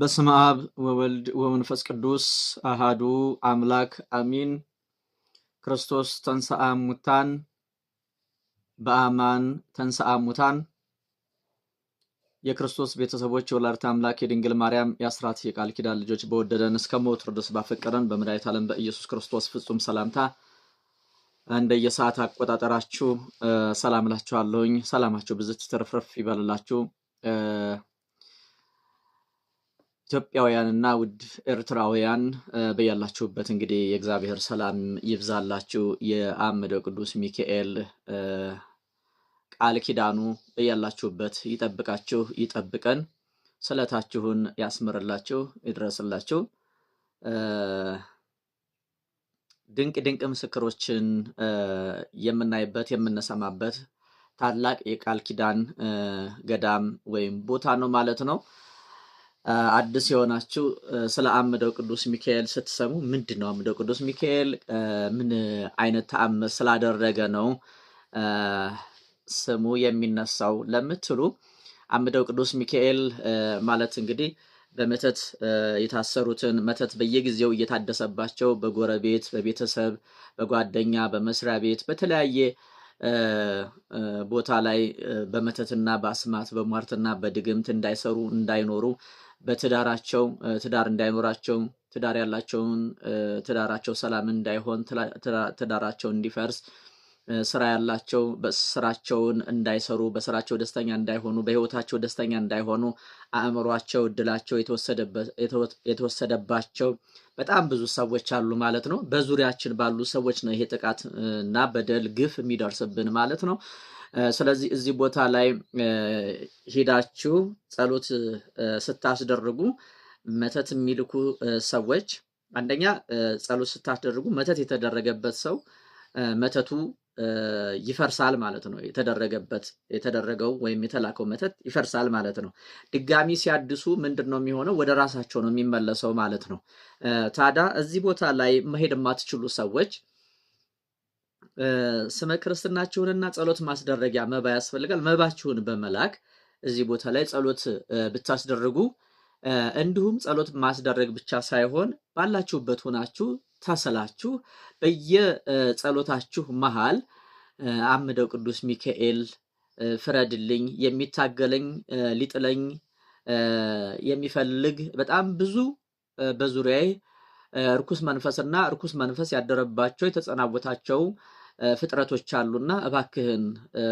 በስመ አብ ወወልድ ወመንፈስ ቅዱስ አሃዱ አምላክ አሚን። ክርስቶስ ተንሥአ እሙታን በአማን ተንሥአ እሙታን። የክርስቶስ ቤተሰቦች የወላዲተ አምላክ የድንግል ማርያም የአስራት የቃል ኪዳን ልጆች በወደደን እስከ ሞት ድረስ ባፈቀረን በመድኃኒተ ዓለም በኢየሱስ ክርስቶስ ፍጹም ሰላምታ እንደየሰዓት አቆጣጠራችሁ ሰላም እላችኋለሁኝ። ሰላማችሁ ብዝት ትርፍርፍ ይበልላችሁ። ኢትዮጵያውያንና ውድ ኤርትራውያን በያላችሁበት እንግዲህ የእግዚአብሔር ሰላም ይብዛላችሁ። የአምደ ቅዱስ ሚካኤል ቃል ኪዳኑ በያላችሁበት ይጠብቃችሁ፣ ይጠብቀን፣ ስለታችሁን ያስምርላችሁ፣ ይድረስላችሁ። ድንቅ ድንቅ ምስክሮችን የምናይበት የምንሰማበት ታላቅ የቃል ኪዳን ገዳም ወይም ቦታ ነው ማለት ነው። አዲስ የሆናችሁ ስለ አምደው ቅዱስ ሚካኤል ስትሰሙ ምንድን ነው አምደው ቅዱስ ሚካኤል ምን አይነት ተአምር ስላደረገ ነው ስሙ የሚነሳው ለምትሉ አምደው ቅዱስ ሚካኤል ማለት እንግዲህ በመተት የታሰሩትን መተት በየጊዜው እየታደሰባቸው በጎረቤት፣ በቤተሰብ፣ በጓደኛ፣ በመስሪያ ቤት በተለያየ ቦታ ላይ በመተትና በአስማት በሟርትና በድግምት እንዳይሰሩ እንዳይኖሩ በትዳራቸው ትዳር እንዳይኖራቸው ትዳር ያላቸውን ትዳራቸው ሰላም እንዳይሆን ትዳራቸው እንዲፈርስ ስራ ያላቸው ስራቸውን እንዳይሰሩ በስራቸው ደስተኛ እንዳይሆኑ በህይወታቸው ደስተኛ እንዳይሆኑ አእምሯቸው እድላቸው የተወሰደባቸው በጣም ብዙ ሰዎች አሉ ማለት ነው። በዙሪያችን ባሉ ሰዎች ነው ይሄ ጥቃት እና በደል ግፍ የሚደርስብን ማለት ነው። ስለዚህ እዚህ ቦታ ላይ ሄዳችሁ ጸሎት ስታስደርጉ መተት የሚልኩ ሰዎች አንደኛ ጸሎት ስታስደርጉ መተት የተደረገበት ሰው መተቱ ይፈርሳል ማለት ነው። የተደረገበት የተደረገው ወይም የተላከው መተት ይፈርሳል ማለት ነው። ድጋሚ ሲያድሱ ምንድን ነው የሚሆነው? ወደ ራሳቸው ነው የሚመለሰው ማለት ነው። ታዲያ እዚህ ቦታ ላይ መሄድ የማትችሉ ሰዎች ስመ ክርስትናችሁንና ጸሎት ማስደረጊያ መባ ያስፈልጋል። መባችሁን በመላክ እዚህ ቦታ ላይ ጸሎት ብታስደርጉ እንዲሁም ጸሎት ማስደረግ ብቻ ሳይሆን ባላችሁበት ሆናችሁ ተስላችሁ በየጸሎታችሁ መሃል አምደው ቅዱስ ሚካኤል ፍረድልኝ፣ የሚታገለኝ ሊጥለኝ የሚፈልግ በጣም ብዙ በዙሪያዬ እርኩስ መንፈስና እርኩስ መንፈስ ያደረባቸው የተጸናወታቸው ፍጥረቶች አሉና እባክህን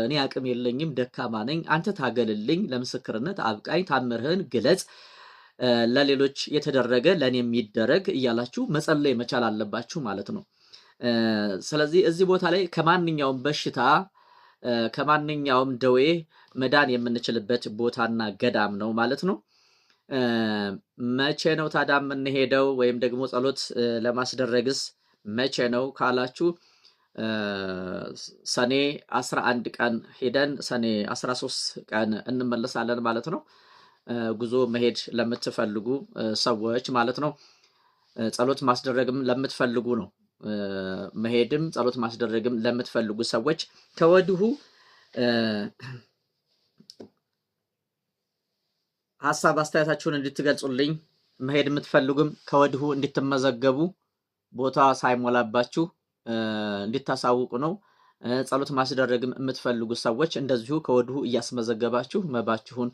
እኔ አቅም የለኝም፣ ደካማ ነኝ፣ አንተ ታገልልኝ፣ ለምስክርነት አብቃኝ፣ ታምርህን ግለጽ፣ ለሌሎች የተደረገ ለእኔ የሚደረግ እያላችሁ መጸለይ መቻል አለባችሁ ማለት ነው። ስለዚህ እዚህ ቦታ ላይ ከማንኛውም በሽታ ከማንኛውም ደዌ መዳን የምንችልበት ቦታና ገዳም ነው ማለት ነው። መቼ ነው ታዲያ የምንሄደው ወይም ደግሞ ጸሎት ለማስደረግስ መቼ ነው ካላችሁ ሰኔ 11 ቀን ሄደን ሰኔ 13 ቀን እንመለሳለን ማለት ነው። ጉዞ መሄድ ለምትፈልጉ ሰዎች ማለት ነው። ጸሎት ማስደረግም ለምትፈልጉ ነው። መሄድም ጸሎት ማስደረግም ለምትፈልጉ ሰዎች ከወዲሁ ሀሳብ አስተያየታችሁን እንድትገልጹልኝ መሄድ የምትፈልጉም ከወዲሁ እንድትመዘገቡ ቦታ ሳይሞላባችሁ እንዲታሳውቁ ነው። ጸሎት ማስደረግም የምትፈልጉ ሰዎች እንደዚሁ ከወዲሁ እያስመዘገባችሁ መባችሁን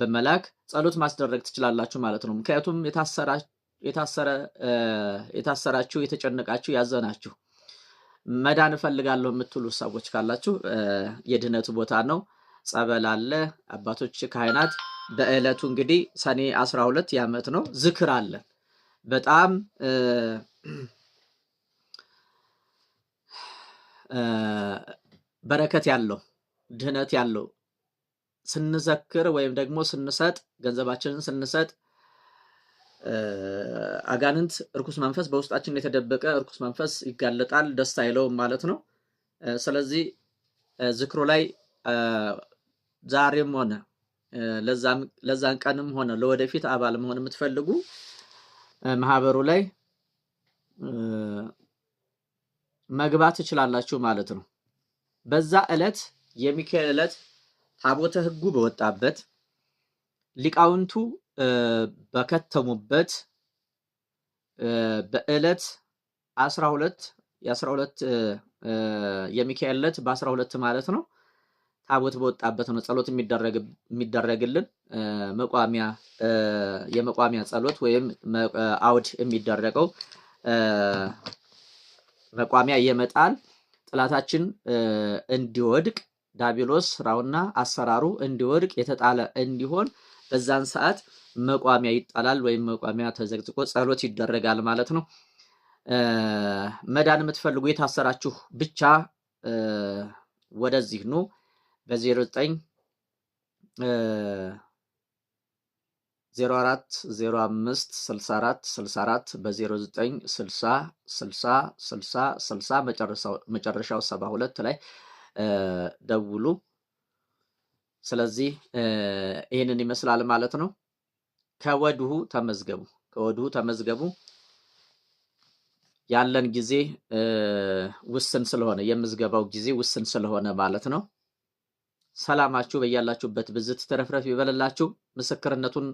በመላክ ጸሎት ማስደረግ ትችላላችሁ ማለት ነው። ምክንያቱም የታሰራችሁ፣ የተጨነቃችሁ፣ ያዘናችሁ መዳን እፈልጋለሁ የምትሉ ሰዎች ካላችሁ የድህነቱ ቦታ ነው። ጸበል አለ። አባቶች ካህናት በዕለቱ እንግዲህ ሰኔ 12 የዓመት ነው ዝክር አለ በጣም በረከት ያለው ድህነት ያለው ስንዘክር ወይም ደግሞ ስንሰጥ ገንዘባችንን ስንሰጥ አጋንንት እርኩስ መንፈስ በውስጣችን የተደበቀ እርኩስ መንፈስ ይጋለጣል፣ ደስ አይለውም ማለት ነው። ስለዚህ ዝክሩ ላይ ዛሬም ሆነ ለዛን ቀንም ሆነ ለወደፊት አባል መሆን የምትፈልጉ ማህበሩ ላይ መግባት ትችላላችሁ ማለት ነው። በዛ ዕለት የሚካኤል ዕለት ታቦተ ሕጉ በወጣበት ሊቃውንቱ በከተሙበት በዕለት አስራ ሁለት የአስራ ሁለት የሚካኤል ዕለት በአስራ ሁለት ማለት ነው ታቦት በወጣበት ነው ጸሎት የሚደረግልን መቋሚያ የመቋሚያ ጸሎት ወይም አውድ የሚደረገው መቋሚያ የመጣል ጥላታችን እንዲወድቅ ዳቢሎስ ስራውና አሰራሩ እንዲወድቅ የተጣለ እንዲሆን በዛን ሰዓት መቋሚያ ይጣላል ወይም መቋሚያ ተዘግዝቆ ጸሎት ይደረጋል ማለት ነው። መዳን የምትፈልጉ የታሰራችሁ ብቻ ወደዚህ ኑ በ09 04 05 64 64 በ09 60 60 60 መጨረሻው 72 ላይ ደውሉ። ስለዚህ ይህንን ይመስላል ማለት ነው። ከወዲሁ ተመዝገቡ፣ ከወዲሁ ተመዝገቡ። ያለን ጊዜ ውስን ስለሆነ የምዝገባው ጊዜ ውስን ስለሆነ ማለት ነው። ሰላማችሁ በያላችሁበት ብዝት ተረፍረፍ ይበልላችሁ። ምስክርነቱን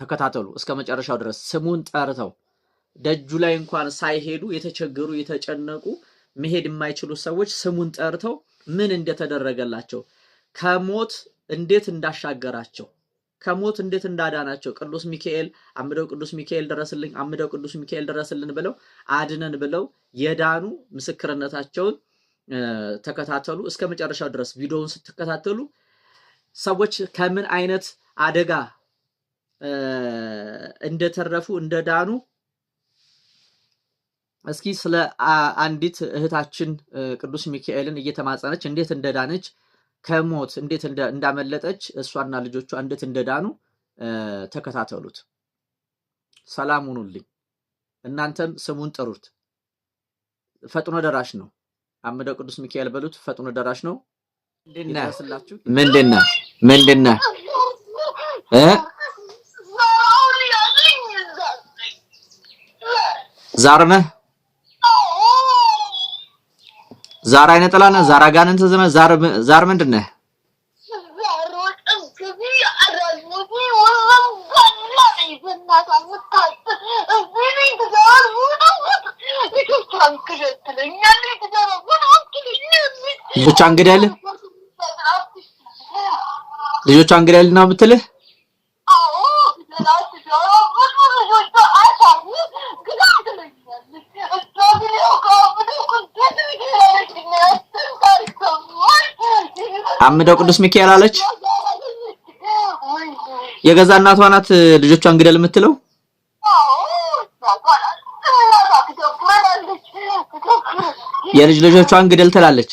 ተከታተሉ እስከ መጨረሻው ድረስ ስሙን ጠርተው ደጁ ላይ እንኳን ሳይሄዱ የተቸገሩ የተጨነቁ መሄድ የማይችሉ ሰዎች ስሙን ጠርተው ምን እንደተደረገላቸው ከሞት እንዴት እንዳሻገራቸው ከሞት እንዴት እንዳዳናቸው ቅዱስ ሚካኤል አምደው ቅዱስ ሚካኤል ድረስልኝ፣ አምደው ቅዱስ ሚካኤል ድረስልን ብለው አድነን ብለው የዳኑ ምስክርነታቸውን ተከታተሉ። እስከ መጨረሻው ድረስ ቪዲዮውን ስትከታተሉ ሰዎች ከምን አይነት አደጋ እንደተረፉ እንደዳኑ እስኪ ስለ አንዲት እህታችን ቅዱስ ሚካኤልን እየተማጸነች እንዴት እንደዳነች ከሞት እንዴት እንዳመለጠች እሷና ልጆቿ እንዴት እንደዳኑ ተከታተሉት። ሰላም ሁኑልኝ። እናንተም ስሙን ጥሩት። ፈጥኖ ደራሽ ነው። አምደው ቅዱስ ሚካኤል በሉት ፈጥኖ ደራሽ ነው። ምንድን ነህ ምንድን ነህ እ ዛር ነህ ዛር አይነ ጥላ ነህ ዛር አጋንንት ዛር ምንድን ነህ? ልጆቿ ግደል ልጆቿን ግደል ነው የምትልህ? አምደው ቅዱስ ሚካኤል አለች። የገዛ እናቷ ናት ልጆቿን ግደል የምትለው። የልጅ ልጆቿን ግደል ትላለች።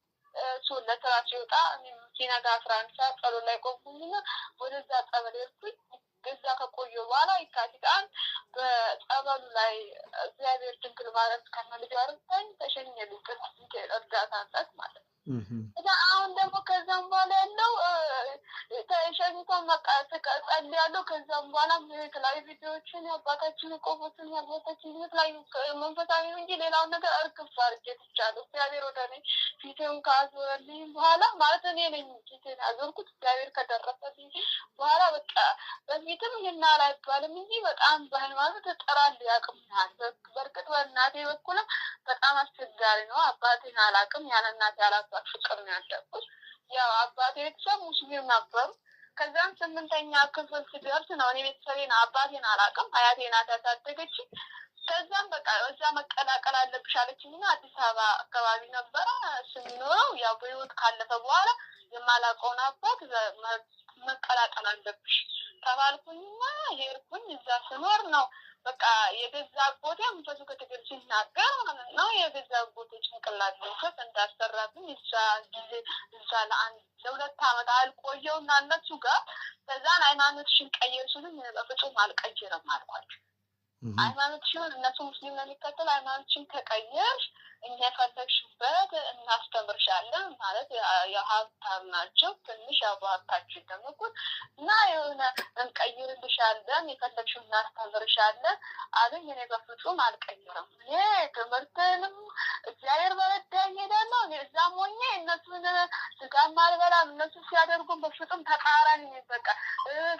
እሱ ለስራ ሲወጣ ሲነጋ አስራ አንድ ሰዓት ጸሎት ላይ ቆምኩኝና ወደዛ ጸበል ሄድኩኝ። እዛ ከቆየ በኋላ የካቲት አንድ በጸበሉ ላይ እግዚአብሔር ድንግል ማርያም ከመልጅ አርታኝ ተሸኘልኝ። ቅዱስ ሚካኤል እርዳታ አንጠት ማለት ነው Mm-hmm. እና አሁን ደግሞ ከዛም በኋላ ያለው ተሸኝቷን መቀጠል ያለው ከዛም በኋላ የተለያዩ ቪዲዮዎችን የአባታችን ቆቦትን የአባታችን የተለያዩ መንፈሳዊ እንጂ ሌላውን ነገር እርግፍ አድርጌ ትቻለሁ። እግዚአብሔር ወደ እኔ ፊቴውን ካዞረልኝ በኋላ ማለት እኔ ነኝ ፊቴን ያዞርኩት እግዚአብሔር ከደረሰልኝ በኋላ በቃ በፊትም ይህን አይባልም እንጂ በጣም በሃይማኖት እጠራለሁ ያቅምናል። በእርግጥ በእናቴ በኩልም በጣም አስቸጋሪ ነው። አባቴን አላቅም፣ ያለ እናቴ ያላባት ፍቅር ነው ያለኩት። ያው አባቴ ቤተሰብ ሙስሊም ነበሩ። ከዚያም ስምንተኛ ክፍል ስደርስ ነው እኔ ቤተሰቤን አባቴን አላቅም፣ አያቴ ናት ያሳደገች። ከዚያም በቃ እዛ መቀላቀል አለብሽ አለችኝና አዲስ አበባ አካባቢ ነበረ ስንኖረው። ያው በህይወት ካለፈ በኋላ የማላውቀውን አባት መቀላቀል አለብሽ ተባልኩኝና የሄድኩኝ እዛ ስኖር ነው በቃ የገዛ አጎቴ ምፈሱ ከትግር ሲናገር ማለት ነው የገዛ አጎቴ ጭንቅላት መውሰት እንዳሰራብኝ እዛ ጊዜ እዛ ለአንድ ለሁለት ዓመት አልቆየው እና እነሱ ጋር ከዛን ሃይማኖትሽን ቀይር ሲሉኝ በፍጹም አልቀይርም አልኳቸው። ሃይማኖትሽን እነሱ ሙስሊም ነው የሚከተል ሃይማኖትሽን ከቀየር እንደፈለግሽበት እናስተምርሻለን ማለት የሀብታም ናቸው። ትንሽ ያባታችን ደምቁት እና የሆነ እንቀይርልሻለን፣ የፈለግሽው እናስተምርሻለን አሉኝ። እኔ በፍጹም አልቀይርም። እኔ ትምህርትንም እግዚአብሔር በረዳኝ ሄዳለሁ። እዛም ሆኜ እነሱን ስጋም አልበላም። እነሱ ሲያደርጉን በፍጹም ተቃራኒ በቃ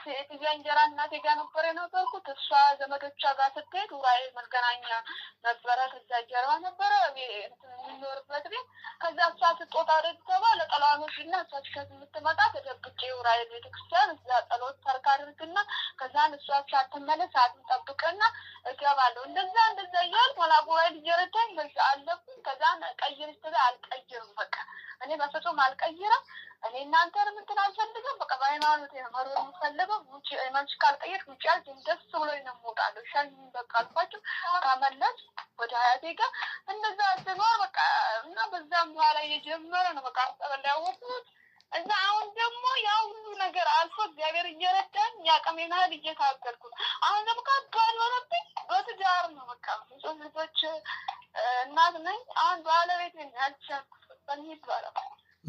ሴትያ እንጀራ እናቴ ጋ ነበር የነበርኩት። እሷ ዘመዶቿ ጋር ስትሄድ ውራይ መገናኛ ነበረ። ከዛ ጀርባ ነበረ የምኖርበት ቤት ከዛ እሷ ስጦታ ደግሰባ ለጠላኖች እና እሷ ቸት የምትመጣ ተደብቄ ውራኤል ቤተክርስቲያን እዛ ጸሎት ተርካ አድርግና ከዛን እሷ ሳትመለስ ሰዓቱን ጠብቅና እገባለሁ። እንደዛ እንደዛ እያል ሆና ጉባኤል በዛ አለብኝ። ከዛን ቀይር ስትላ አልቀይርም። በቃ እኔ በፍጹም አልቀይርም። እኔ እናንተ ምንትን አልፈልገም። በቃ በሃይማኖት መሮ የምፈልገው ውጭ ሃይማኖት ካልጠየቅ ውጭ ያል ደስ ብሎ ነው እምወጣለሁ። ሻኝ በቃ አልኳቸው። ከመለስ ወደ ሀያቴ ጋር እነዛ ስኖር በቃ እና በዛም በኋላ እየጀመረ ነው በቃ አስጠበላ ያወቁት እዛ አሁን ደግሞ ያ ሁሉ ነገር አልፎ እግዚአብሔር እየረዳን የአቅሜን ናህል እየታገልኩ አሁን ደግሞ ከባድ ሆነብኝ። በትዳር ነው በቃ ብዙ ልጆች እናት ነኝ። አሁን ባለቤት ያልቻልኩ ይባላል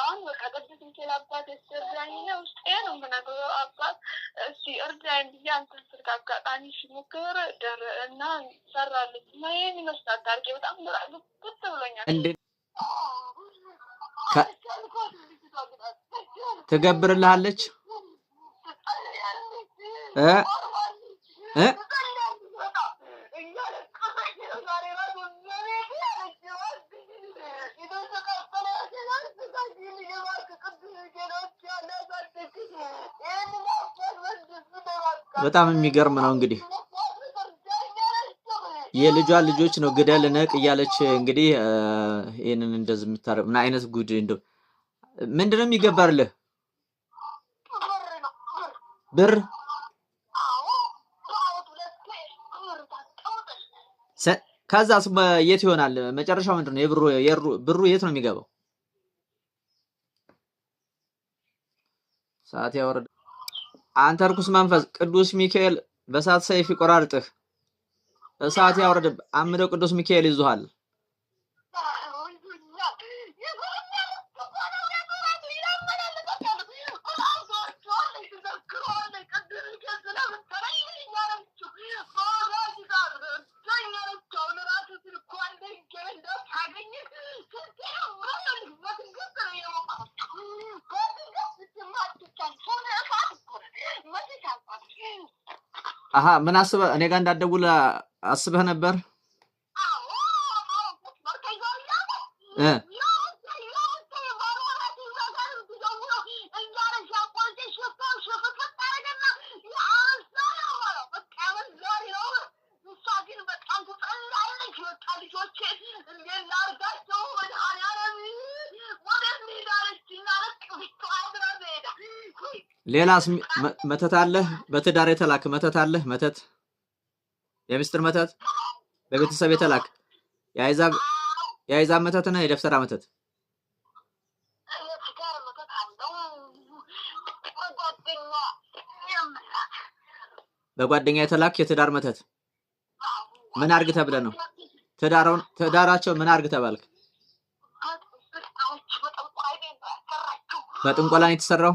አሁን በቃ ቅዱስ ሚካኤል አባት ያስረዳኝ ነው ውስጤ ነው የምነግረው። አባት እስኪ እርዳኝ ብዬ አንተን ስልክ አጋጣሚ ሲሞክር ደር እና ሰራለች እና ይህን ይመስላል ታርጌ በጣም በጣም ጉት ብሎኛል። ትገብርልሃለች በጣም የሚገርም ነው እንግዲህ የልጇን ልጆች ነው ግደል ነቅ እያለች እንግዲህ ይህንን እንደዚህ የምታደርግ ምን አይነት ጉድ እንደው ምንድን ነው ብር ከዛ የት ይሆናል መጨረሻው? ምንድን ነው የብሩ ብሩ የት ነው የሚገባው? ሰዓት ያወረደ አንተ ርኩስ መንፈስ ቅዱስ ሚካኤል በእሳት ሰይፍ ይቆራርጥህ፣ እሳት ያውረድብ። አምደው ቅዱስ ሚካኤል ይዙሃል። አሀ ምን አስበህ እኔ ጋር እንዳደውል አስበህ ነበር? ሌላስ መተት አለህ? በትዳር የተላክ መተት አለህ? መተት የሚስጥር መተት በቤተሰብ የተላክ የአይዛብ መተት እና የደብተራ መተት በጓደኛ የተላክ የትዳር መተት ምን አርግ ተብለ ነው? ትዳራቸው ምን አርግ ተባልክ? በጥንቆላን የተሰራው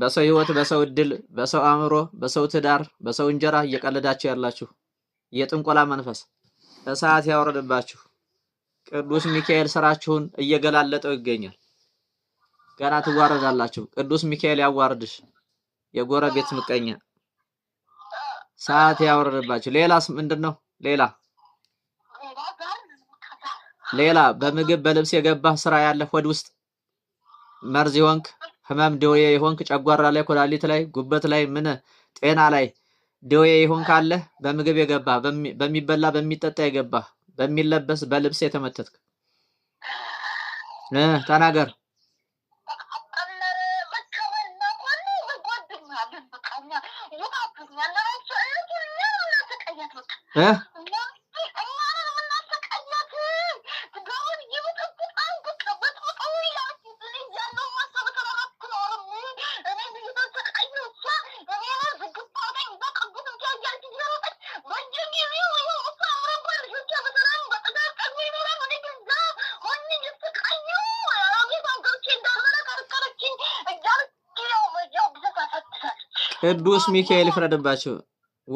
በሰው ህይወት፣ በሰው እድል፣ በሰው አእምሮ፣ በሰው ትዳር፣ በሰው እንጀራ እየቀለዳችሁ ያላችሁ የጥንቆላ መንፈስ እሳት ያወረድባችሁ። ቅዱስ ሚካኤል ስራችሁን እየገላለጠው ይገኛል። ገና ትዋረዳላችሁ። ቅዱስ ሚካኤል ያዋርድሽ። የጎረቤት ምቀኛ ሰዓት ያወረድባችሁ። ሌላስ ምንድን ነው? ሌላ ሌላ በምግብ በልብስ የገባ ስራ ያለ ሆድ ውስጥ መርዝ ይሆንክ ህመም ደዌ የሆንክ ጨጓራ ላይ፣ ኮላሊት ላይ፣ ጉበት ላይ፣ ምን ጤና ላይ ደዌ የሆን ካለህ በምግብ የገባ በሚበላ በሚጠጣ የገባ በሚለበስ በልብስ የተመተትክ ተናገር። እ ቅዱስ ሚካኤል ይፍረድባችሁ።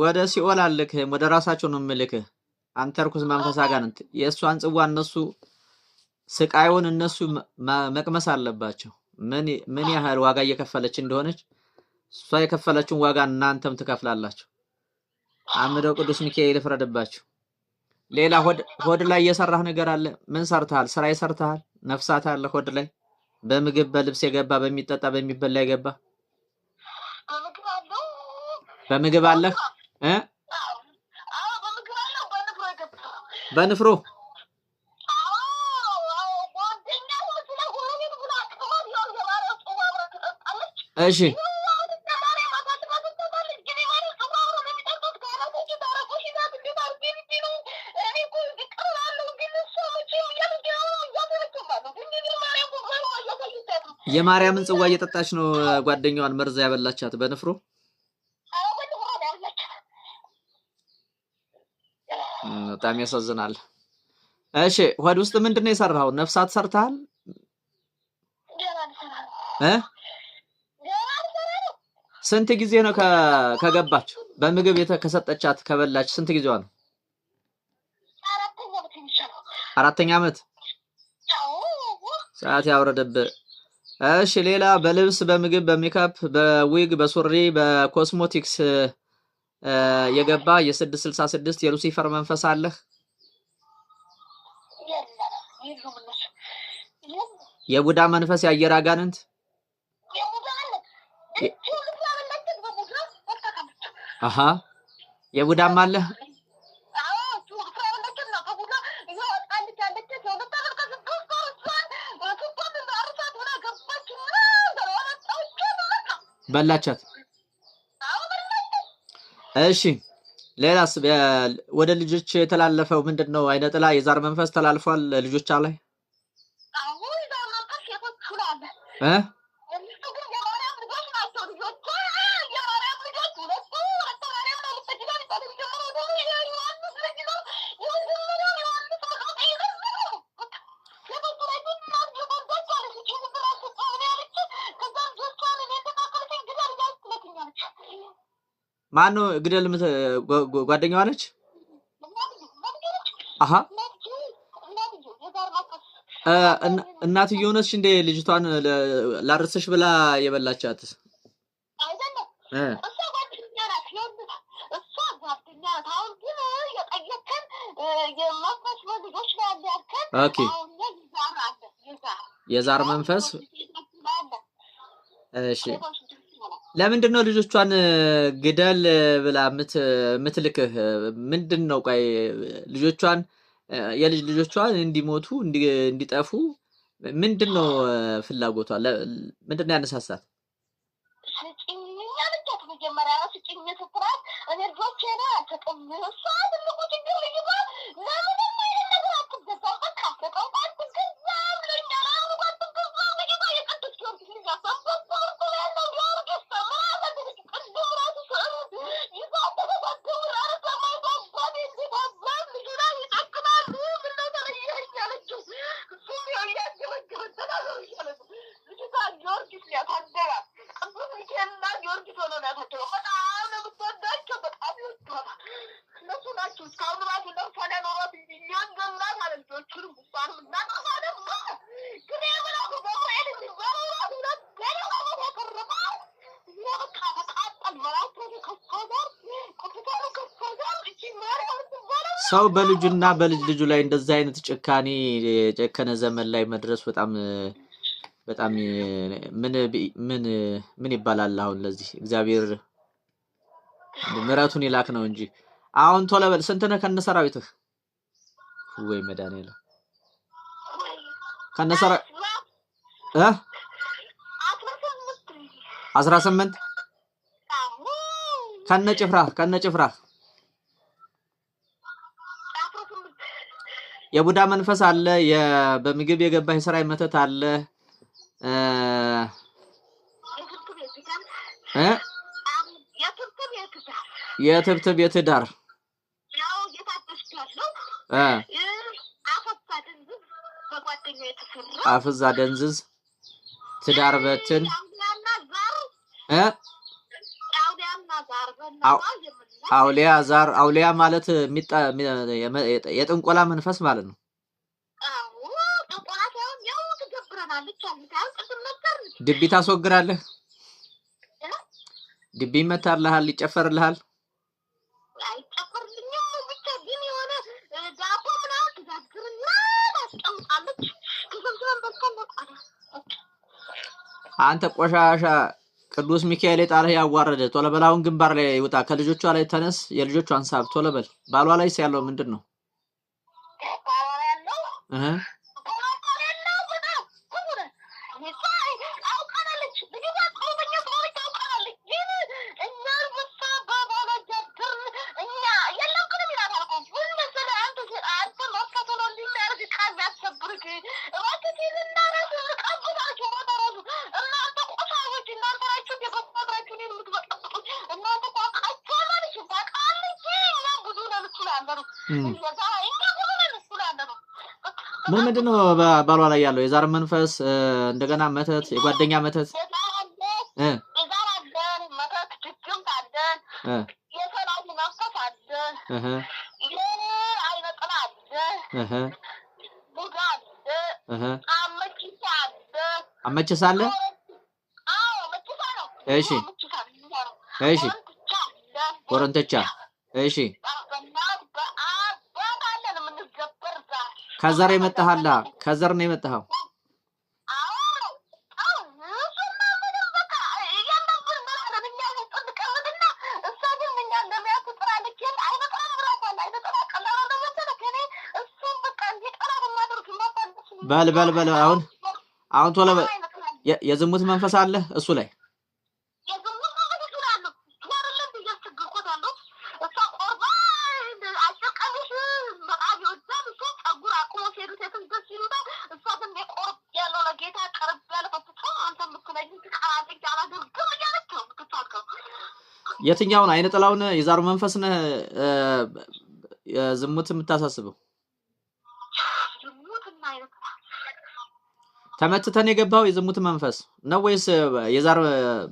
ወደ ሲኦል አልልክህም፣ ወደ ራሳቸው ነው የምልክህ። አንተ ርኩስ መንፈስ አጋንንት፣ የእሷን ጽዋ እነሱ ስቃዩን እነሱ መቅመስ አለባቸው። ምን ያህል ዋጋ እየከፈለች እንደሆነች እሷ የከፈለችውን ዋጋ እናንተም ትከፍላላችሁ። አምደው ቅዱስ ሚካኤል ይፍረድባችሁ። ሌላ ሆድ ላይ የሰራህ ነገር አለ። ምን ሰርተሃል? ስራ ይሰርተሃል። ነፍሳት አለ ሆድ ላይ በምግብ በልብስ የገባ በሚጠጣ በሚበላ የገባ በምግብ በንፍሮ እሺ የማርያምን ጽዋ እየጠጣች ነው ጓደኛዋን መርዛ ያበላቻት በንፍሮ በጣም ያሳዝናል። እሺ ሆድ ውስጥ ምንድን ነው የሰራው? ነፍሳት ሰርተሃል? ስንት ጊዜ ነው ከገባች በምግብ ከሰጠቻት ከበላች ስንት ጊዜዋ ነው? አራተኛ ዓመት ሰዓት ያውረድብህ። እሺ ሌላ በልብስ በምግብ በሜካፕ በዊግ በሱሪ በኮስሞቲክስ የገባ የስድስት ስልሳ ስድስት የሉሲፈር መንፈስ አለህ? የቡዳ መንፈስ፣ የአየር አጋንንት፣ አሀ የቡዳም አለህ? በላቻት እሺ ሌላስ ወደ ልጆች የተላለፈው ምንድን ነው? አይነ ጥላ የዛር መንፈስ ተላልፏል ልጆቿ ላይ ማን ነው ግደል? ጓደኛዋ ነች። አሀ እናት እየሆነች እንዴ? ልጅቷን ላረሰሽ ብላ የበላቻት የዛር መንፈስ እሺ ለምንድን ነው ልጆቿን ግደል ብላ ምትልክህ? ምንድን ነው ቆይ ልጆቿን የልጅ ልጆቿን እንዲሞቱ እንዲጠፉ ምንድን ነው ፍላጎቷ? ምንድን ነው ያነሳሳት? መጀመሪያ ሰው በልጁና በልጅ ልጁ ላይ እንደዛ አይነት ጭካኔ የጨከነ ዘመን ላይ መድረስ በጣም በጣም ምን ምን ምን ይባላል? አሁን ለዚህ እግዚአብሔር ምሕረቱን ይላክ ነው እንጂ አሁን ቶሎ በል ስንት ነህ ከነ ሰራዊትህ? ወይ መድኃኒዓለም ከነ ሰራ እ አስራ ስምንት ከነ ጭፍራህ ከነ ጭፍራህ የቡዳ መንፈስ አለ፣ በምግብ የገባ የስራ መተት አለ። የትብትብ የትዳር አፍዛ ደንዝዝ ትዳር በትን አውሊያ ዛር አውሊያ ማለት የጥንቆላ መንፈስ ማለት ነው። ድቢ ታስወግራለህ። ድቢ ይመታልሃል፣ ይጨፈርልሃል። አንተ ቆሻሻ ቅዱስ ሚካኤል የጣለህ ያዋረደ ቶለበል አሁን ግንባር ላይ ይውጣ። ከልጆቿ ላይ ተነስ፣ የልጆቿን ሳብ ቶለበል ባሏ ላይ ያለው ምንድን ነው? ነው በባሏ ላይ ያለው የዛር መንፈስ እንደገና መተት፣ የጓደኛ መተት አመችስ አለ። እሺ፣ እሺ፣ ኮረንተቻ እሺ ከዘር የመጣሃላ ከዘር ነው የመጣኸው። በል በል በል አሁን አሁን ቶሎ የዝሙት መንፈስ አለ እሱ ላይ የትኛውን አይነ ጥላውን የዛሩ መንፈስ ነህ ዝሙት የምታሳስበው? ተመትተን የገባው የዝሙት መንፈስ ነው ወይስ የዛር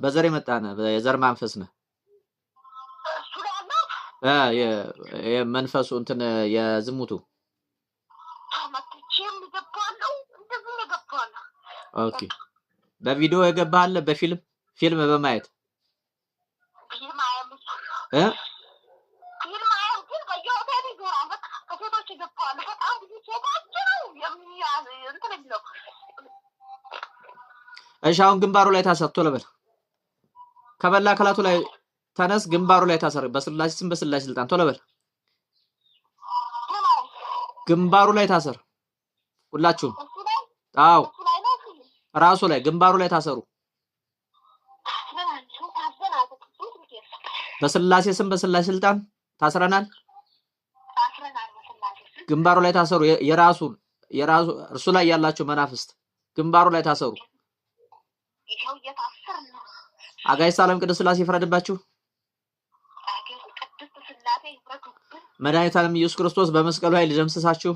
በዘር የመጣ የዘር መንፈስ ነህ? መንፈሱ እንትን የዝሙቱ በቪዲዮ የገባ አለ? በፊልም ፊልም በማየት እሺ አሁን ግንባሩ ላይ ታሰርቶ ልበል ከበላ ከላቱ ላይ ተነስ፣ ግንባሩ ላይ ታሰር። በስላሴ ስም በስላሴ ስልጣን ቶሎ በል ግንባሩ ላይ ታሰር። ሁላችሁም አዎ፣ ራሱ ላይ ግንባሩ ላይ ታሰሩ። በስላሴ ስም በስላሴ ስልጣን ታስረናል። ግንባሩ ላይ ታሰሩ። የራሱ የራሱ እርሱ ላይ ያላችሁ መናፍስት ግንባሩ ላይ ታሰሩ። አጋዕዝተ ዓለም ቅዱስ ስላሴ ይፍረድባችሁ። መድኃኒተ ዓለም ኢየሱስ ክርስቶስ በመስቀሉ ኃይል ሊደምስሳችሁ።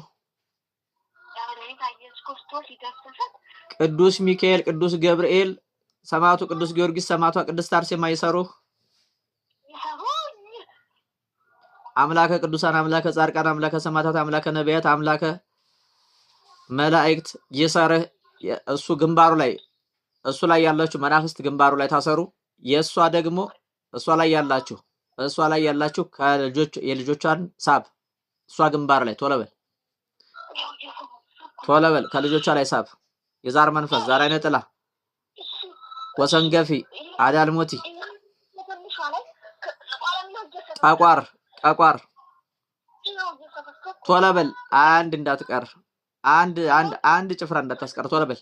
ቅዱስ ሚካኤል፣ ቅዱስ ገብርኤል ሰማዕቱ ቅዱስ ጊዮርጊስ፣ ሰማዕቷ ቅድስት አርሴማ ይሰሩህ። አምላከ ቅዱሳን፣ አምላከ ጻድቃን፣ አምላከ ሰማዕታት፣ አምላከ ነቢያት፣ አምላከ መላእክት ይሰርህ። እሱ ግንባሩ ላይ እሱ ላይ ያላችሁ መናፍስት ግንባሩ ላይ ታሰሩ። የእሷ ደግሞ እሷ ላይ ያላችሁ እሷ ላይ ያላችሁ ከልጆች የልጆቿን ሳብ እሷ ግንባር ላይ ቶለበል ቶለበል ከልጆቿ ላይ ሳብ። የዛር መንፈስ ዛር አይነ ጥላ ወሰንገፊ አዳልሞቲ ጠቋር ጠቋር ቶሎ በል አንድ እንዳትቀር፣ አንድ አንድ አንድ ጭፍራ እንዳታስቀር። ቶሎ በል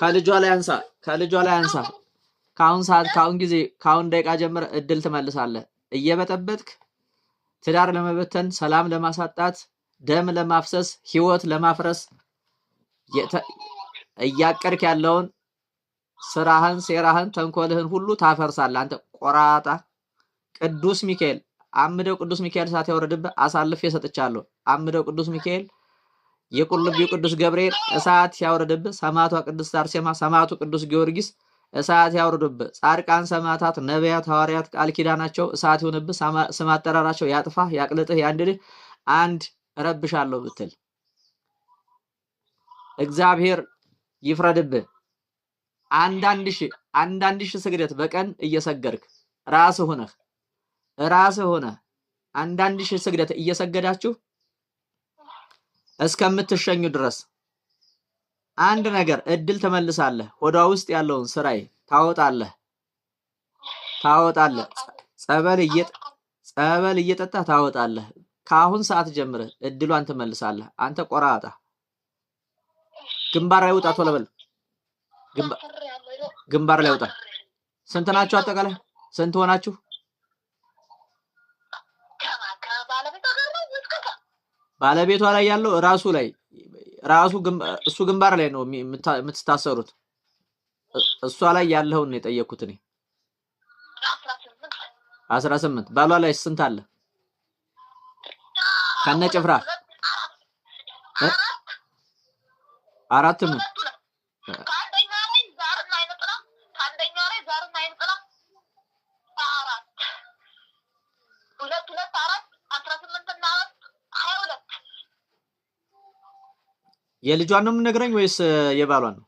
ከልጇ ላይ አንሳ፣ ከልጇ ላይ አንሳ። ከአሁን ሰዓት ከአሁን ጊዜ ከአሁን ደቂቃ ጀምር እድል ትመልሳለህ። እየበጠበጥክ ትዳር ለመበተን፣ ሰላም ለማሳጣት፣ ደም ለማፍሰስ፣ ህይወት ለማፍረስ እያቀድክ ያለውን ስራህን፣ ሴራህን፣ ተንኮልህን ሁሉ ታፈርሳለህ። አንተ ቆራጣ ቅዱስ ሚካኤል አምደው ቅዱስ ሚካኤል እሳት ያወረድብህ አሳልፌ ሰጥቻለሁ። አምደው ቅዱስ ሚካኤል የቁልቢው ቅዱስ ገብርኤል እሳት ያወረድብህ። ሰማዕቷ ቅድስት አርሴማ፣ ሰማዕቱ ቅዱስ ጊዮርጊስ እሳት ያውርድብህ። ጻድቃን ሰማዕታት፣ ነቢያት፣ ሐዋርያት ቃል ኪዳናቸው እሳት ይሁንብህ። ስም አጠራራቸው ያጥፋህ፣ ያቅልጥህ፣ ያንድድህ። አንድ እረብሻለሁ ብትል እግዚአብሔር ይፍረድብህ። አንዳንድ ሺህ አንዳንድ ሺህ ስግደት በቀን እየሰገድክ ራስ ሆነህ ራስ ሆነህ አንዳንድ ሺህ ስግደት እየሰገዳችሁ እስከምትሸኙ ድረስ አንድ ነገር እድል ትመልሳለህ። ሆዷ ውስጥ ያለውን ስራይ ታወጣለህ ታወጣለህ ጸበል እየጠ ጸበል እየጠጣ ታወጣለህ። ከአሁን ሰዓት ጀምረህ እድሏን ትመልሳለህ። አንተ ቆራጣ ግንባር ላይ ውጣ ቶሎ በል። ግንባር ላይ ወጣ። ስንት ናችሁ አጠቃላይ ስንት ሆናችሁ? ባለቤቷ ላይ ያለው ራሱ ላይ ራሱ እሱ ግንባር ላይ ነው የምትታሰሩት። እሷ ላይ ያለውን ነው የጠየኩት እኔ። አስራ ስምንት ባሏ ላይ ስንት አለ? ከነ ጭፍራ አራት ነው። የልጇን ነው የምነግረኝ ወይስ የባሏን ነው?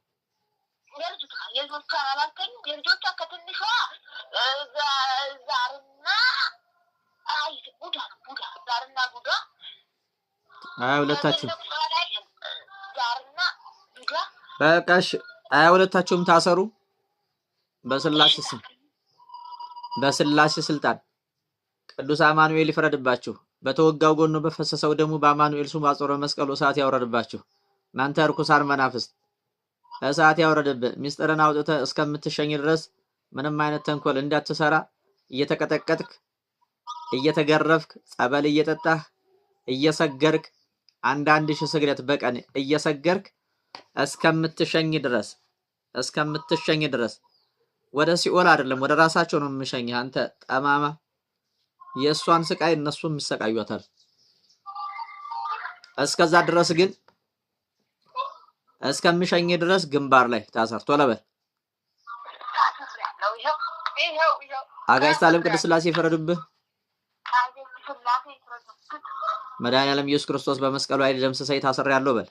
የልጆቿ አያ ሁለታችሁም ታሰሩ በስላሴ ስም በስላሴ ስልጣን ቅዱስ አማኑኤል ይፍረድባችሁ። በተወጋው ጎኑ በፈሰሰው ደሙ በአማኑኤል ስም አጾረ መስቀሉ ሰዓት ያውረድባችሁ። እናንተ እርኩሳን መናፍስት እሳት ያውረድብህ። ሚስጥርን አውጥተህ እስከምትሸኝ ድረስ ምንም አይነት ተንኮል እንዳትሰራ እየተቀጠቀጥክ እየተገረፍክ ጸበል እየጠጣህ እየሰገርክ አንዳንድ ሺህ ስግደት በቀን እየሰገርክ እስከምትሸኝ ድረስ እስከምትሸኝ ድረስ ወደ ሲኦል አይደለም ወደ ራሳቸው ነው የምሸኝ አንተ ጠማማ፣ የእሷን ስቃይ እነሱም ይሰቃዩታል። እስከዛ ድረስ ግን እስከምሸኝ ድረስ ግንባር ላይ ታሰርቶ ለበል አጋዕዝተ ዓለም ቅድስት ሥላሴ ይፈረድብህ። መድኃኒዓለም ኢየሱስ ክርስቶስ በመስቀሉ አይደል ደምስሰኝ ያለው በል።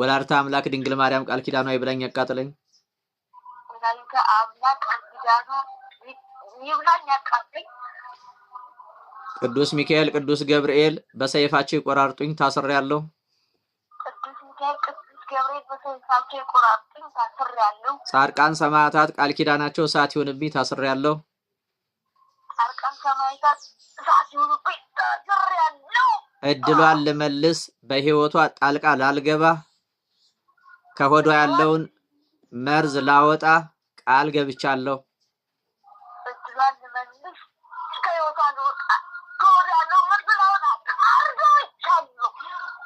ወላዲተ አምላክ ድንግል ማርያም ቃል ኪዳኗ ይብላኝ ያቃጥለኝ። ወላዲተ አምላክ ቃል ኪዳኗ ይብላኝ ያቃጥለኝ። ቅዱስ ሚካኤል፣ ቅዱስ ገብርኤል በሰይፋቸው ይቆራርጡኝ ታስሬያለሁ። ቅዱስ ሚካኤል፣ ቅዱስ ገብርኤል በሰይፋቸው ጻድቃን ሰማዕታት ቃል ኪዳናቸው እሳት ይሁንብኝ ታስሬያለሁ። ጻድቃን ሰማዕታት እሳት ይሁንብኝ ታስሬያለሁ። እድሏን ልመልስ፣ በህይወቷ ጣልቃ ላልገባ፣ ከሆዷ ያለውን መርዝ ላወጣ ቃል ገብቻለሁ።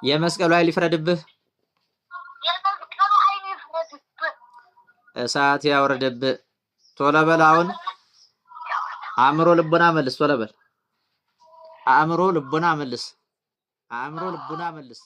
የመስቀሉ ኃይል ይፍረድብህ፣ እሳት ያውረድብህ። ቶሎ በል አሁን አእምሮ ልቡና መልስ። ቶሎ በል አእምሮ ልቦና መልስ። አእምሮ ልቡና መልስ።